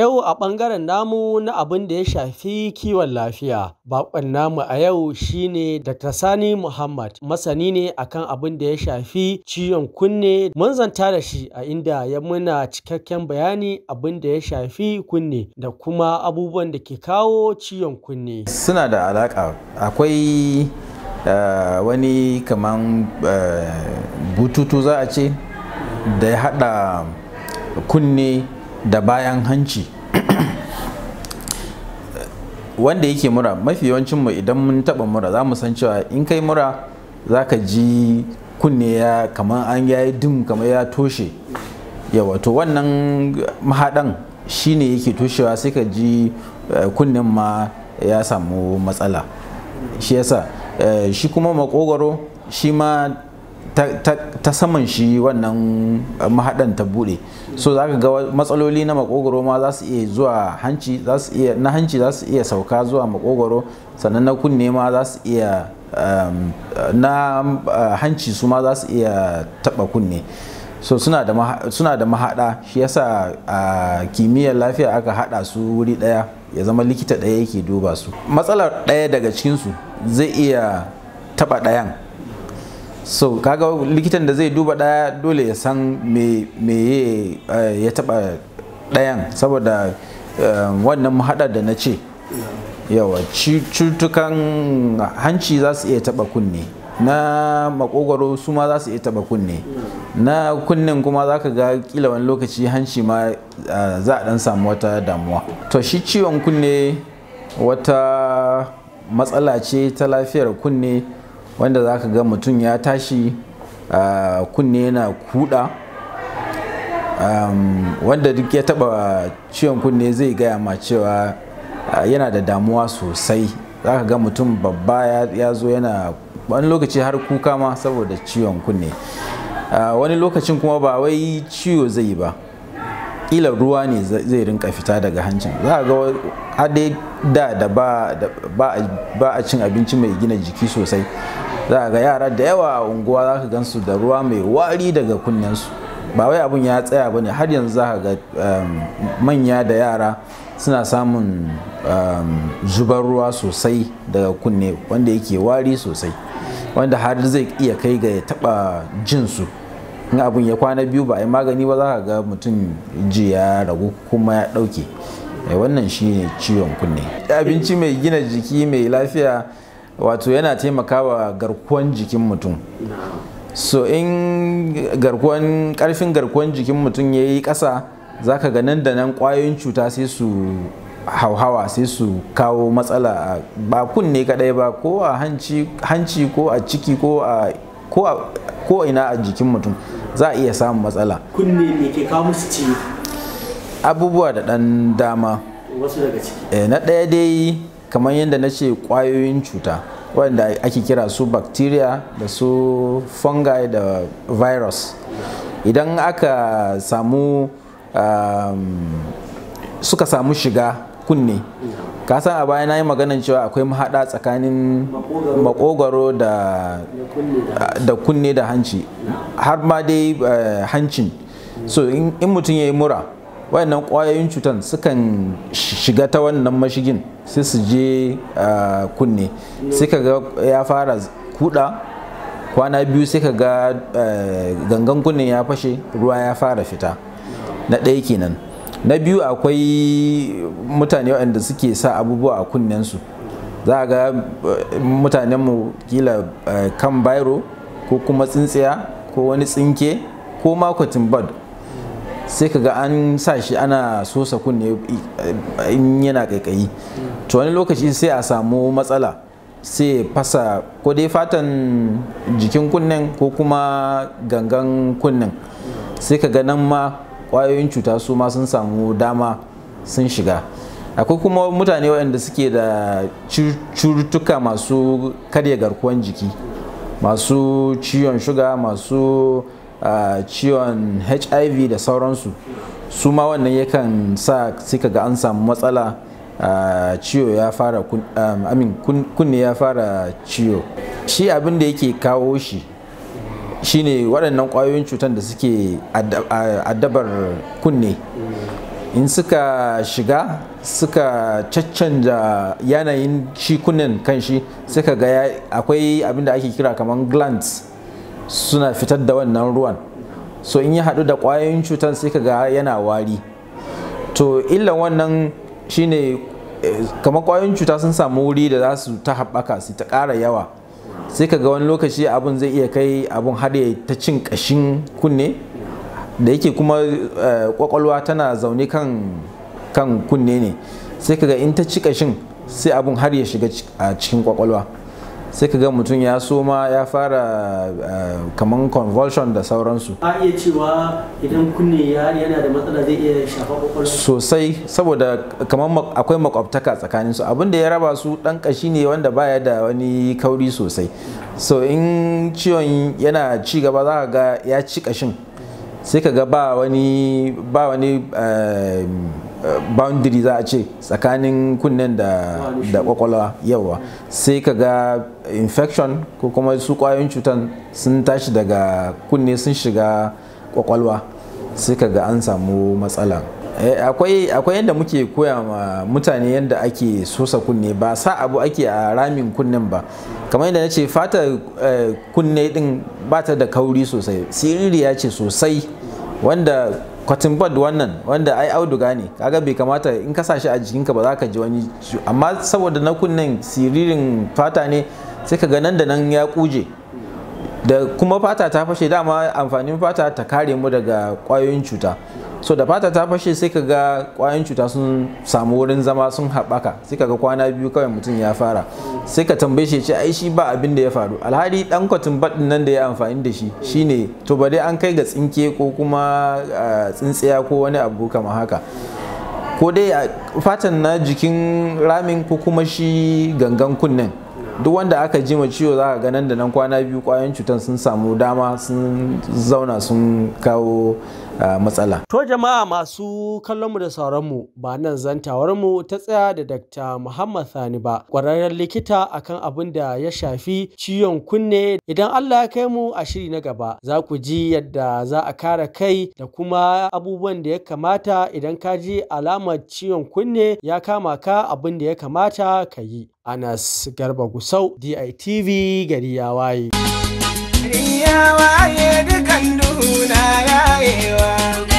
yau a ɓangaren namu na abin da ya shafi kiwon lafiya, bakon namu a yau shine Dr. Sani Muhammad, masani ne akan abin da ya shafi ciwon kunne. Mun zanta da shi a inda ya muna cikakken bayani abin da ya shafi kunne da kuma abubuwan da ke kawo ciwon kunne. Suna da alaƙa akwai eh, wani kaman uh, bututu za a ce da ya haɗa kunne. da bayan hanci wanda yake mura mafi yawancin mu idan mun taba mura za mu san cewa in kai mura za ka ji kunne ya kamar an yayi dum kamar ya toshe yawa to wannan mahaɗan shine yake toshewa sai ka ji eh, kunnen ma ya samu matsala shi yasa eh, shi kuma makogwaro shi ma ta saman shi wannan eh, mahaɗan ta buɗe so za ka ga matsaloli na makogoro ma za su iya zuwa hanci na hanci za su iya sauka zuwa makogoro sannan na kunne ma za su iya ehm, eh, na eh, hanci su ma za su iya taɓa kunne so suna da mahaɗa shi yasa a kimiyyar lafiya aka haɗa su wuri ɗaya ya zama likita ɗaya yake duba su matsalar ɗaya daga cikinsu zai iya taɓa ɗayan so kaga likitan da zai duba daya dole ya san me eh, ya taba dayan saboda eh, wannan mahada da na ce yawa cutukan hanci za su iya taba kunne na makogwaro su ma za su iya taba kunne na kunnen kuma za ka ga kila wani lokaci hanci ma eh, za a dan samu wata damuwa to shi ciwon kunne wata matsala ce ta lafiyar kunne wanda za ka ga mutum ya tashi kunne yana kuda wanda duk ya taba ciwon kunne zai gaya ma cewa yana da damuwa sosai za ka ga mutum babba ya zo yana wani lokaci har kuka ma saboda ciwon kunne wani lokacin kuma ba wai ciwo zai ba ƙila ruwa ne zai rinka fita daga hancin za ga adada da ba a cin abinci mai gina jiki sosai za a ga yara da yawa a unguwa za ka gansu da ruwa mai wari daga kunnensu ba wai abun ya tsaya ba ne har yanzu za ka ga um, manya da yara suna samun um, zubar ruwa sosai daga kunne wanda yake wari sosai wanda har zai iya kai ga ya taba jinsu in abun ya kwana biyu ba a yi magani ba za ka ga mutum ji ya ragu kuma ya ɗauke eh, wannan shi ne ciwon kunne abinci mai gina jiki mai lafiya wato yana taimakawa garkuwan jikin mutum so in garkuwan karfin garkuwan jikin mutum ya yi ƙasa za ka ga nan da nan ƙwayoyin cuta sai su hauhawa sai su kawo matsala ba kunne kadai ba ko a hanci ko a ciki ko a ko ina a jikin mutum za a iya samun matsala kunne me ke kawo musu ciwo abubuwa da ɗan dama wasu daga ciki eh, na ɗaya dai kamar yadda na ce kwayoyin cuta wanda ake kira su bacteria da su fungi da virus idan aka samu um, suka samu shiga kunne ka san a baya na yi maganan cewa akwai mahaɗa tsakanin makogaro da da kunne da hanci har ma dai eh, hancin so in mutum ya yi mura wayannan kwayoyin cutan sukan shiga ta wannan mashigin sai su je kunne sai ka ga ya fara kuda kwana biyu sai ka ga gangan kunnen ya fashe ruwa ya fara fita na ɗaya kenan na biyu akwai mutane waɗanda suke sa abubuwa a kunnensu za a ga eh, mutanenmu kila eh, kan bairo ko kuma tsintsiya ko wani tsinke ko ma bad sai ka ga an sa shi ana sosa kunne eh, in yana kaikayi to wani lokaci sai a samu matsala sai fasa ko dai fatan jikin kunnen ko kuma gangan kunnen sai kaga ga nan ma kwayoyin cuta su ma sun samu dama sun shiga akwai kuma mutane waɗanda suke da cututtuka masu karya garkuwan jiki masu ciwon shuga masu ciwon hiv da sauransu su ma wannan yakan sa suka ga an samu matsala ciwo ya fara kunne ya fara ciwo shi abin da yake kawo shi shine waɗannan ƙwayoyin cutar da suke addabar kunne in suka shiga suka caccanja yanayin shi kunnen kanshi suka ga akwai abin da ake kira kamar glands suna fitar da wannan ruwan so in ya haɗu da kwayoyin cutar sai ka ga yana wari to illan wannan shine eh, kamar ƙwayoyin cuta sun samu wuri da za su ta haɓaka su ta ƙara yawa sai kaga wani lokaci abun zai iya kai abun har ya ta cin ƙashin kunne da yake kuma eh, ƙwaƙwalwa tana zaune kan kunne ne sai ka ga in ta ci ƙashin sai abin har ya shiga a cikin ƙwaƙwalwa sai ka ga mutum ya soma ya fara ah, kamar convulsion da sauransu a iya cewa idan kunne yana da matsala zai iya shafa kwakwalwa sosai saboda kamar akwai makwabtaka tsakanin su da ya raba su dan kashi ne wanda baya da wani kauri sosai so in ciwon yana ci gaba za ka ga ya ci kashin sai ka ga ba wani ba wani ah, boundary za a ce tsakanin kunnen da da kwakwalwa yawa sai ka ga infection ko kuma su kwayoyin cutan sun tashi daga kunne sun shiga kwakwalwa sai ka ga an samu matsala eh, akwai yadda muke koya ma mutane yadda ake sosa kunne ba sa abu ake a ramin kunnen ba kamar yadda na ce fata eh, kunne din ba ta da kauri sosai siririya ce sosai wanda cotton bud wannan wanda ai auduga ne kaga bai kamata in ka shi a jikin ka ba za ka ji wani amma saboda na kunnen siririn fata ne sai ka ga nan da nan ya kuje da kuma fata ta fashe dama amfanin fata ta kare mu daga kwayoyin cuta so da fata ta fashe sai ka ga kwayan cuta sun samu wurin zama sun haɓaka sai ka ga kwana biyu kawai mutum ya fara sai ka tambaye shi ce ai shi ba abin da ya faru alhali dan kwatin baɗin nan da ya amfani da shi shine to ba dai an kai ga tsinke ko kuma ah, tsintsiya ko wani abu kama haka ko dai fatan na jikin ramin ko kuma shi gangan kunnen duk wanda aka ji ma ciwo za ka ga nan da nan kwana biyu kwayan cutan sun samu dama sun zauna sun kawo matsala. To jama'a masu kallonmu da sauranmu ba nan zantawarmu ta tsaya da Dr. Muhammad Sani ba ƙwararren likita akan abin da ya shafi ciwon kunne idan Allah ya kai mu a shiri na gaba za ku ji yadda za a kare kai da kuma abubuwan da ya kamata idan ka ji alamar ciwon kunne ya kama ka abin da ya kamata ka yi. Anas Garba Gusau, DITV gari ya waye. riyawa yedukan duna yayewa